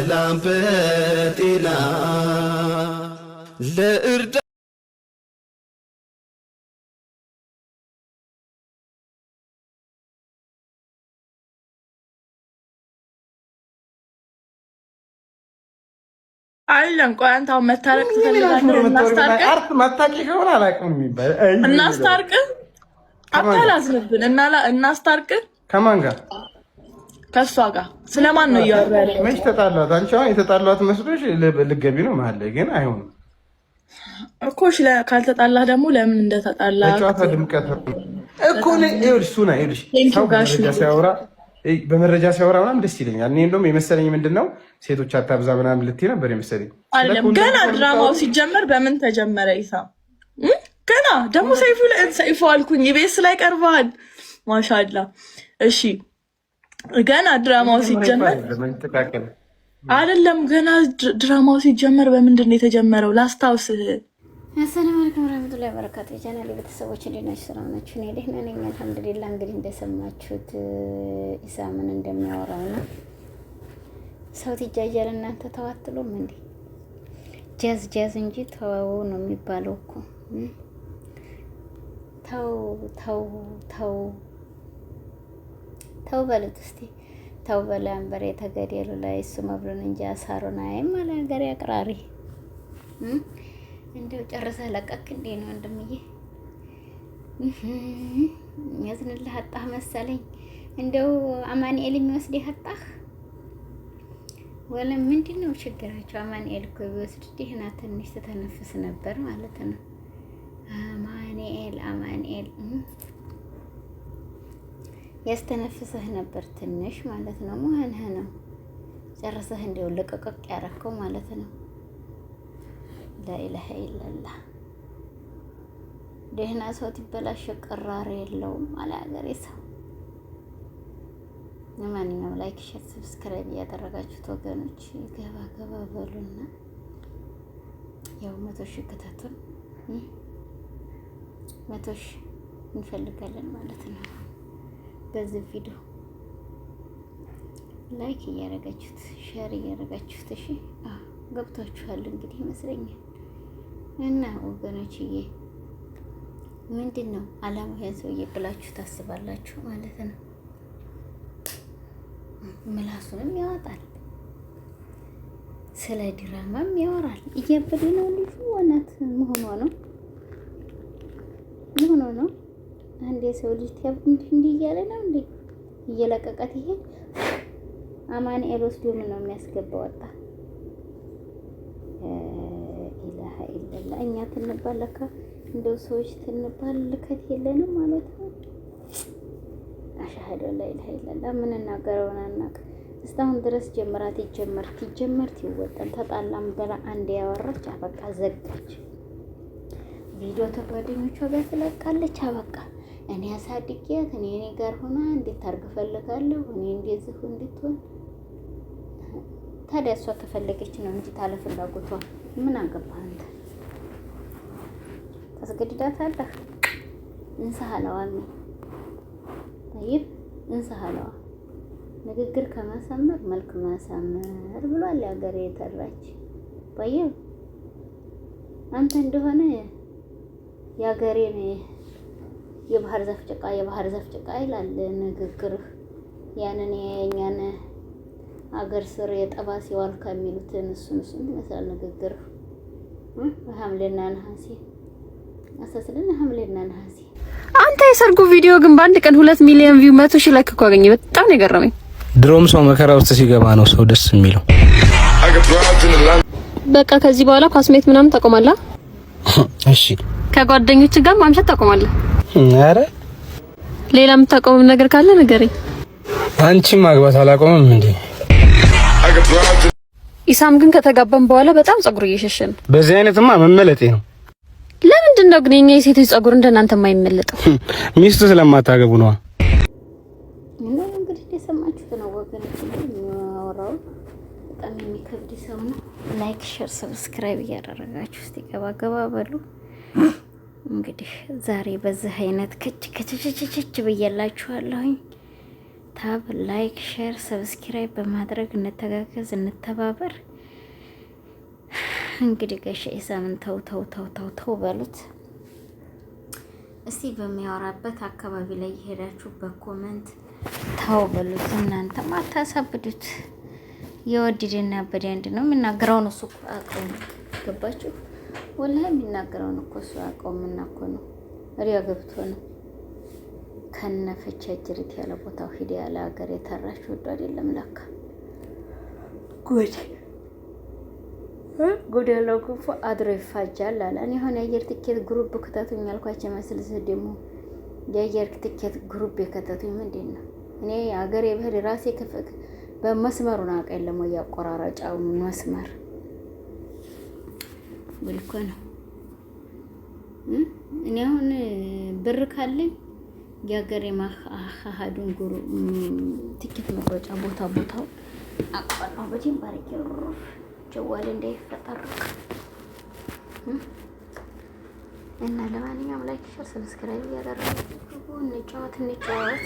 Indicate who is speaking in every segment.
Speaker 1: በሰላም በጤና ለእርዳ አለን ቆይ፣ አንተ አሁን መታረቅ ትፈልጋለህ? እናስታርቅህ
Speaker 2: ከሆነ የሚባል
Speaker 1: አታላዝንብን። እናስታርቅ። ከማን ጋር ከእሷ ጋር ስለማን ነው እያወራ ያለው?
Speaker 2: መች ተጣሏት? አንቺ አሁን የተጣሏት መስሎሽ ልገቢ ነው መሀል ላይ ግን አይሆንም
Speaker 1: እኮ ካልተጣላህ ደግሞ ለምን እንደተጣላ ጨዋታ
Speaker 2: ድምቀት እኮ ይኸውልሽ፣ ሱና ይኸውልሽ፣ በመረጃ ሲያወራ ምናምን ደስ ይለኛል። እኔ እንደውም የመሰለኝ ምንድን ነው ሴቶች አታብዛ ምናምን ልትይ ነበር የመሰለኝ።
Speaker 1: አይደለም ገና ድራማው ሲጀመር በምን ተጀመረ? ይሳ ገና ደግሞ ሰይፉ ሰይፉ አልኩኝ፣ ቤስ ላይ ቀርበሃል። ማሻላ እሺ ገና ድራማው ሲጀመር አይደለም፣ ገና ድራማው ሲጀመር በምንድን ነው የተጀመረው? ላስታውስህ።
Speaker 3: አሰላሙ አለይኩም ወራህመቱላሂ ወበረካቱህ። የቻናሌ ቤተሰቦች እንዴት ናችሁ? ሰላም ናችሁ? እኔ ደህና ነኝ አልሐምዱሊላህ። እንግዲህ እንደሰማችሁት ኢሳ ምን እንደሚያወራው ነው። ሰው ትጃጃል እናንተ ተዋትሎም እንዴ? ጃዝ ጃዝ እንጂ ተው ነው የሚባለው እኮ ተው ተው ተው ተው በሉት እስቲ ተው በሉ አንበሬ ተገደሉ ላይ እሱ መብሉን እንጂ አሳሩን አይም አለ ሀገሬ አቅራሪ። እንደው ጨርሰ ለቀክ እንዴ ነው ወንድምዬ? ያዝንልህ አጣህ መሰለኝ። እንደው አማንኤል የሚወስድ አጣህ ወለም ምንድን ነው ችግራቸው? አማንኤል እኮ ቢወስድ ደህና ትንሽ ስተነፍስ ነበር ማለት ነው። አማንኤል አማንኤል ያስተነፍሰህ ነበር ትንሽ ማለት ነው። መሆንህ ነው ጨርሰህ እንዲው ለቀቀቅ ያረከው ማለት ነው። ላኢላሀ ኢለላህ ደህና ሰው ትበላሸ ቅራር የለውም አለ ሀገሬ ሰው። ለማንኛውም ላይክ፣ ሸር፣ ሰብስክራይብ እያደረጋችሁት ወገኖች ገባ ገባ በሉና ያው መቶ ሺህ ክተቱን መቶ ሺህ እንፈልጋለን ማለት ነው። በዚህ ቪዲዮ ላይክ እያደረጋችሁት ሼር እያደረጋችሁት እሺ፣ ገብታችኋል እንግዲህ ይመስለኛል። እና ወገኖችዬ ምንድን ነው አላማው ያን ሰውዬ ብላችሁ ታስባላችሁ ማለት ነው። ምላሱንም ያወጣል፣ ስለ ድራማም ያወራል። እያበደ ነው ልጁ። ወናት መሆኗ ነው መሆኗ ነው አንድ የሰው ልጅ ተብ እንዲህ እያለ ነው እንዴ እየለቀቀት ይሄ አማኑኤል ወስዶ ምን ነው የሚያስገባ ወጣ ኢላሃ ኢላላ እኛ ትንባል ለካ እንደው ሰዎች ትንባል ልከት የለንም ማለት ነው አሻሃደ ላይ ኢላሃ ኢላላ ምን እናገረውን አናውቅ እስካሁን ድረስ ጀምራ ትጀመር ትጀመር ትወጠን ተጣላም ብላ አንድ ያወራች አበቃ ዘጋች ቪዲዮ ተጓደኞቿ ጋር ትለቃለች አበቃ እኔ አሳድጌያት እኔ እኔ ጋር ሆና እንድታርግ እፈልጋለሁ። እኔ እንደዚህ እንድትሆን ታዲያ እሷ ከፈለገች ነው እንጂ ታለ ፍላጎቷ ምን አገባህ አንተ? ታስገድዳታለህ። እንስሃለዋ ነው ይህ እንስሃለዋ ንግግር ከማሳመር መልክ ማሳመር ብሏል ሀገር የጠራች ባየው አንተ እንደሆነ የሀገሬን የባህር ዛፍ ጭቃ የባህር ዛፍ ጭቃ ይላል ንግግርህ። ያንን የኛን አገር ስር የጠባ ሲዋል ከሚሉትን እሱን እሱን ይመስላል ንግግርህ። ሐምሌና ነሐሴ አሳስልን ሐምሌና ነሐሴ።
Speaker 1: አንተ የሰርጉ ቪዲዮ ግን በአንድ ቀን ሁለት ሚሊዮን ቪው መቶ ሺህ ላይክ እኮ አገኘ። በጣም ነው የገረመኝ።
Speaker 2: ድሮም ሰው መከራ ውስጥ ሲገባ ነው ሰው ደስ የሚለው።
Speaker 1: በቃ ከዚህ በኋላ ኳስ ሜት ምናምን ታቆማለህ። እሺ ከጓደኞች ጋር ማምሸት ታቆማለህ። አረ ሌላ የምታቆመው ነገር ካለ ንገረኝ።
Speaker 2: አንቺ ማግባት አላቆምም እንዴ?
Speaker 1: ኢሳም ግን ከተጋባን በኋላ በጣም ጸጉር
Speaker 2: እየሸሸ ነው። በዚህ አይነትማ መመለጤ ነው።
Speaker 1: ለምንድን ነው ግን የኛ የሴቶች ጸጉር እንደናንተ የማይመለጠው?
Speaker 2: ሚስቱ ስለማታገቡ ነዋ።
Speaker 3: እንግዲህ የሰማችሁት ነው ወገኖች፣ የሚያወራው በጣም የሚከብድ ሰው ነው። ላይክ፣ ሼር፣ ሰብስክራይብ እያደረጋችሁ እስቲ ገባ ገባ በሉ። እንግዲህ ዛሬ በዚህ አይነት ከች ከችችችች ብዬላችኋለሁኝ። ታብ ላይክ፣ ሼር፣ ሰብስክራይብ በማድረግ እንተጋገዝ፣ እንተባበር። እንግዲህ ጋሽ ኢሳምን ተው ተው ተው ተው ተው በሉት እስቲ በሚያወራበት አካባቢ ላይ የሄዳችሁ በኮመንት ተው በሉት። እናንተ ማታሳብዱት የወደደና በደንድ ነው የምናገረውን እሱ አቀው ገባችሁ። ወላሂ የሚናገረውን እኮ እሱ አያውቀውምና እኮ ነው ሪያ ገብቶ ነው ከነፈቻ ጅሪት ያለ ቦታው ሂድ ያለ ሀገር የተራሽ ወዶ አይደለም ለካ ጉድ ጉድ ያለው ክፉ አድሮ ይፋጃል አለ። እኔ አሁን የአየር ትኬት ግሩፕ ክተቱኝ ያልኳቸው ይመስል ስህ ደግሞ የአየር ትኬት ግሩፕ የከተቱኝ ምንድን ነው? እኔ ሀገር ብሄድ ራሴ በመስመሩን አቀ የለም ወይ መስመር ወልኮ ነው። እኔ አሁን ብር ካለኝ የሀገሬ ማሀዱን ጉሩ ትኬት መቁረጫ ቦታ ቦታው አቋጣው በቲም ባሪክ ጀዋል እንዳይፈጠርቅ እና ለማንኛውም ላይክ፣ ሼር፣ ሰብስክራይብ እያደረጋችሁ እንጫወት እንጫወት።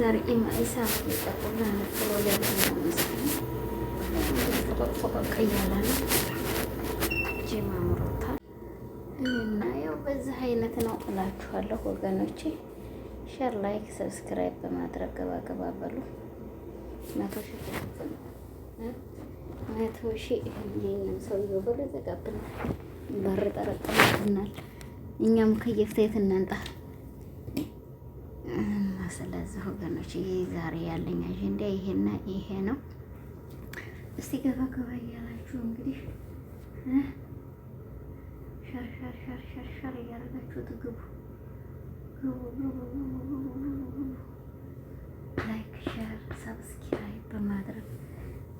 Speaker 3: ዛሬ ኢማኢሳ ይጠቁላ ነው ለምን ነው ብሎ ያለው ነው። ጅም አምሮታል። እና ያው በዚህ አይነት ነው እላችኋለሁ ወገኖቼ። ሸር፣ ላይክ፣ ሰብስክራይብ በማድረግ ገባገባ በሉ። መቶ ሺ መቶ ሺ ይህኛም ሰውየው ብሎ ዘጋብናል፣ በር ጠረጠረብናል። እኛም ከየፍታየት እናንጣ እና ስለዚህ ወገኖች ዛሬ ያለኝ አጀንዳ ይሄና ይሄ ነው። እስቲ ገባ ገባ እያላችሁ እንግዲህ ሸር ሸር ሸር ሸር ሸር እያደረጋችሁት ግቡ ላይክ ሸር ሰብስክራይብ በማድረግ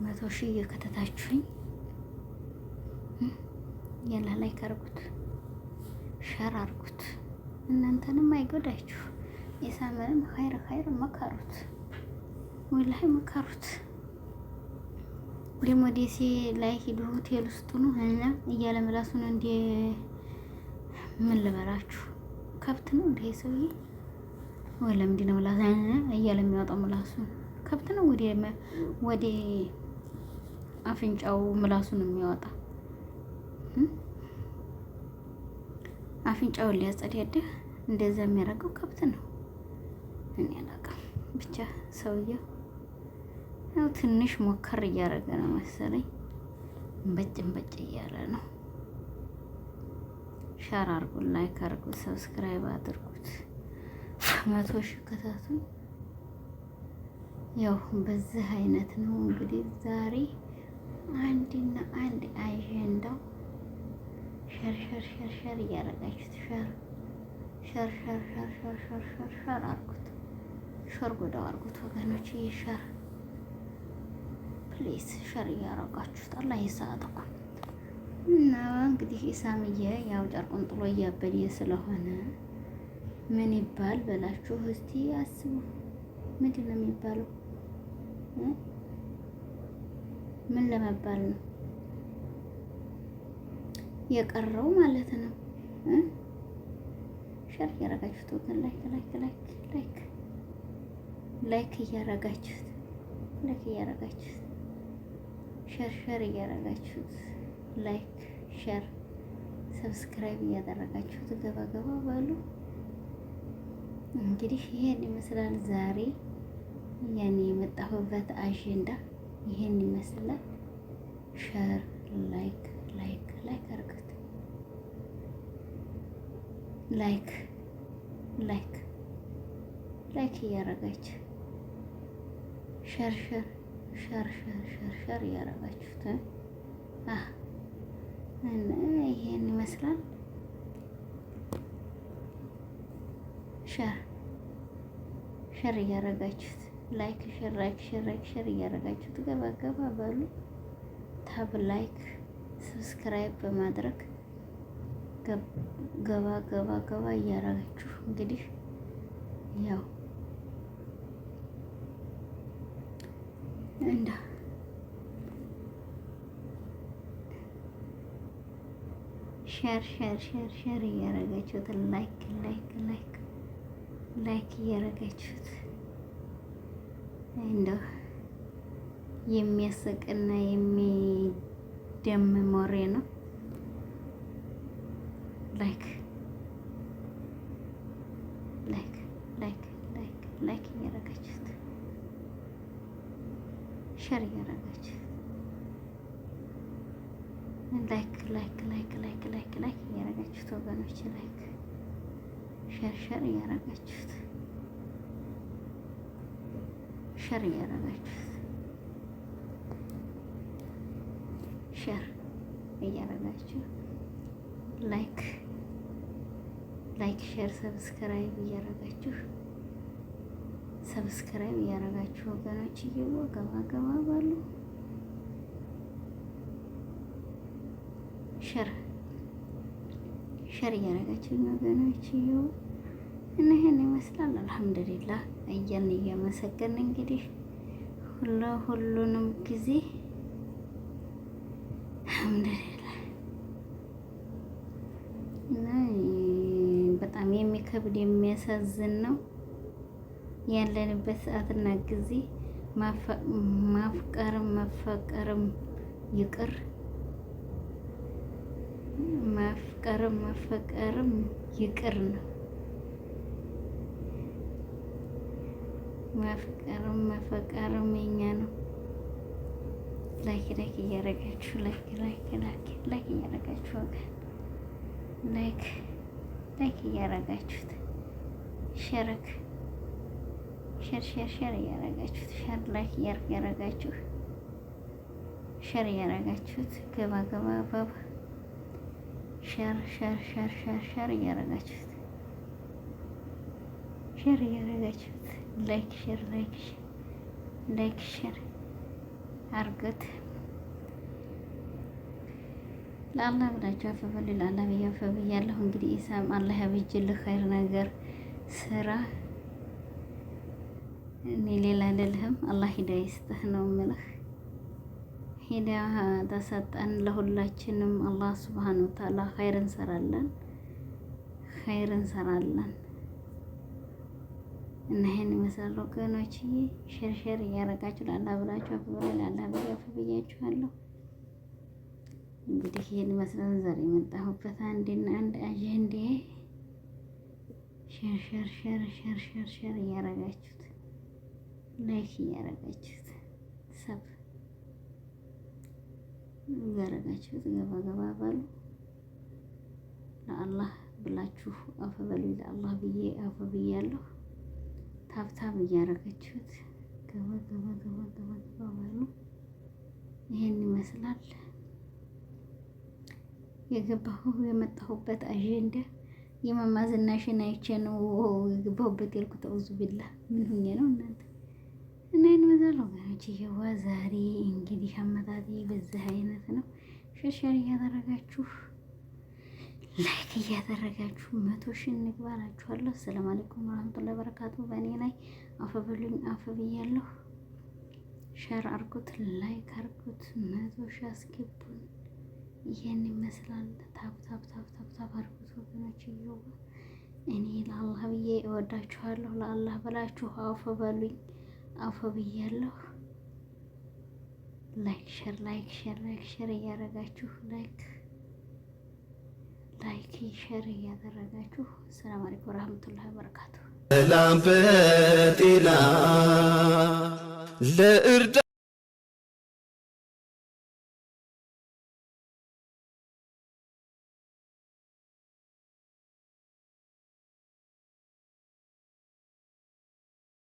Speaker 3: መቶ ሺህ እየከተታችሁኝ ላይክ አርጉት ሸር አርጉት። እናንተንም አይጎዳችሁ የሳምንም ኸይር ኸይር መከሩት ወላሂ መከሩት። ሁሌም ወደ ሴ ላይ ሂዱ ሆቴል ውስጥ ኑ እያለም ራሱን እንደ ምን ልበላችሁ ከብት ነው እንደ ሰውዬ ወይ ለምንድን ነው ምላስ እያለ የሚያወጣው ምላሱ ከብት ነው ወደ ወደ አፍንጫው ምላሱን የሚያወጣ አፍንጫውን ሊያጸዳዳ እንደዛ የሚያደርገው ከብት ነው። እኔ አላውቅም ብቻ ሰውዬው ያው ትንሽ ሞከር እያደረገ ነው መሰለኝ። እንበጭ እንበጭ እያለ ነው። ሻር አርጉን፣ ላይክ አርጉት፣ ሰብስክራይብ አድርጉት። መቶ ሺህ ከታቱን። ያው በዚህ አይነት ነው እንግዲህ ዛሬ አንድና አንድ አጀንዳው ሸር ሸር ሸር ሸር እያደረጋችሁት ሸር ሸር ሸር ሸር ሸር ሸር ሸር አርጉት፣ ሸር ጎዳው አርጉት ወገኖች ይሸር ፕሊዝ ሸር እያረጋችሁት አላህ የሰዓት እኮ እና እንግዲህ ኢሳምዬ ያው ጨርቁን ጥሎ እያበደ ስለሆነ ምን ይባል በላችሁ እስቲ አስቡ። ምንድን ነው የሚባለው? ምን ለመባል ነው የቀረው ማለት ነው። ሸር እያረጋችሁት ላይክ ላይክ ላይክ ላይክ ላይክ እያረጋችሁት ላይክ እያረጋችሁት ሸርሸር እያደረጋችሁት ላይክ፣ ሸር፣ ሰብስክራይብ እያደረጋችሁት ገባገባ ባሉ እንግዲህ ይሄን ይመስላል ዛሬ ያኔ የመጣሁበት አጀንዳ ይሄን ይመስላል። ሸር ላይክ ላይክ ላይክ አርጉት። ላይክ ላይክ ላይክ እያደረጋችሁ ሸር ሸር ሸር ሸር ሸር እያደረጋችሁት ይሄን ይመስላል። ሸር ሸር እያደረጋችሁት ላይክ ሸር ላይክ ሸር ላይክ ሸር እያደረጋችሁት ገባ ገባ በሉ ታብ ላይክ ሰብስክራይብ በማድረግ ገባ ገባ ገባ እያደረጋችሁ እንግዲህ ያው እንዳ ሸር ሸር ሸር ሸር እያረጋችሁት ላይክ ላይክ ላይክ ላይክ እያረጋችሁት እንደው የሚያስቅና የሚደምም ወሬ ነው። ሸር እያደረጋች ላይክ ላይክ ላይክ ላይክ ላይክ ላይክ እያደረጋችሁት ወገኖች ላይክ ሸር ሸር እያደረጋችሁት ሸር እያደረጋችሁት ሸር እያደረጋችሁ ላይክ ላይክ ሸር ሰብስክራይብ እያደረጋችሁ ሰብስክራይብ እያደረጋችሁ ወገኖች እየወ ገባ ገባ ባሉ ሸር ሸር እያደረጋችሁ ወገኖች እየወ እና ይሄን ይመስላል። አልሐምዱሊላህ እያን እያመሰገን እንግዲህ ሁሉ ሁሉንም ጊዜ አልሐምዱሊላህ እና በጣም የሚከብድ የሚያሳዝን ነው። ያለንበት ሰዓትና ጊዜ ማፍቀርም መፈቀርም ይቅር ማፍቀርም መፈቀርም ይቅር ነው። ማፍቀርም መፈቀርም የኛ ነው። ላይክ ላይክ እያረጋችሁ ላይክ ላይክ ላይክ ላይክ እያረጋችሁ ወገን ላይክ ላይክ እያረጋችሁት ሸረክ ሸር ሸር ሸር እያረጋችሁት ሸር ላይክ እያረጋችሁ ሸር እያረጋችሁት ገባ ገባ ባባ ሸር ሸር ሸር ሸር ሸር እያረጋችሁት ሸር እያረጋችሁት ላይክ ሸር ላይክ ሸር ላይክ ሸር አርገት ለአላህ ብላችሁ አፈበሉ ለአላህ ብዬ አፈብ እንግዲህ ኢሳም አላህ ያበጅልህ ኸይር ነገር ስራ እኔ ሌላ አይደለህም። አላህ ሂዳ ይስጥህ ነው የምልህ። ሂዳ ተሰጠን ለሁላችንም። አላህ ስብሓን ወተዓላ ኸይር እንሰራለን፣ ኸይር እንሰራለን። እና ይሄን ይመስላል ወገኖችዬ። ሸርሸር እያረጋችሁ ላላ ብላችሁ አፍ ላላ ብላ ብያችኋለሁ። እንግዲህ ይሄን ይመስላል ዛሬ የመጣሁበት አንድና አንድ አጀንዳ ሸርሸር ሸርሸር ሸርሸር እያረጋችሁት ላይክ እያረጋችሁት ሰብ እያረጋችሁት ገባ ገባ በሉ። ለአላህ ብላችሁ አፈ ለአላህ ብዬ አፈ ብያለሁ። ታብታብ እያረጋችሁት ገባ ገባ ገባ ገባ ገባ በሉ። ይሄን ይመስላል የገባሁ የመጣሁበት አጀንዳ የማማዝናሽን አይቼ ነው የገባሁበት ያልኩት። አውዙ ቢላ ምን ሁኜ ነው እናንተ እና ይንበዛል ወገኖች እየዋ ዛሬ እንግዲህ አመጣጤ በዚህ አይነት ነው። ሸርሸር እያደረጋችሁ ላይክ እያደረጋችሁ መቶ ሺህ እንግባ እላችኋለሁ። አሰላም አለይኩም ወራህመቱላሂ ወበረካቱ። በእኔ ላይ አፈብሉኝ አፈብያለሁ። ሸር አርጉት፣ ላይክ አርጉት፣ መቶ ሺህ አስገቡን። ይህን ይመስላል። ታብ ታብ ታብ ታብ ታብ አርጉት ወገኖች እየዋ እኔ ለአላህ ብዬ እወዳችኋለሁ። ለአላህ ብላችሁ አፈበሉኝ። አፎ ብያለሁ። ላይክ ሸር ላይክ ሸር ላይክ ሸር እያደረጋችሁ ላይክ ላይክ ሸር እያደረጋችሁ ሰላም አለይኩም ወራህመቱላሂ ወበረካቱ። ሰላም በጤና ለእርዳ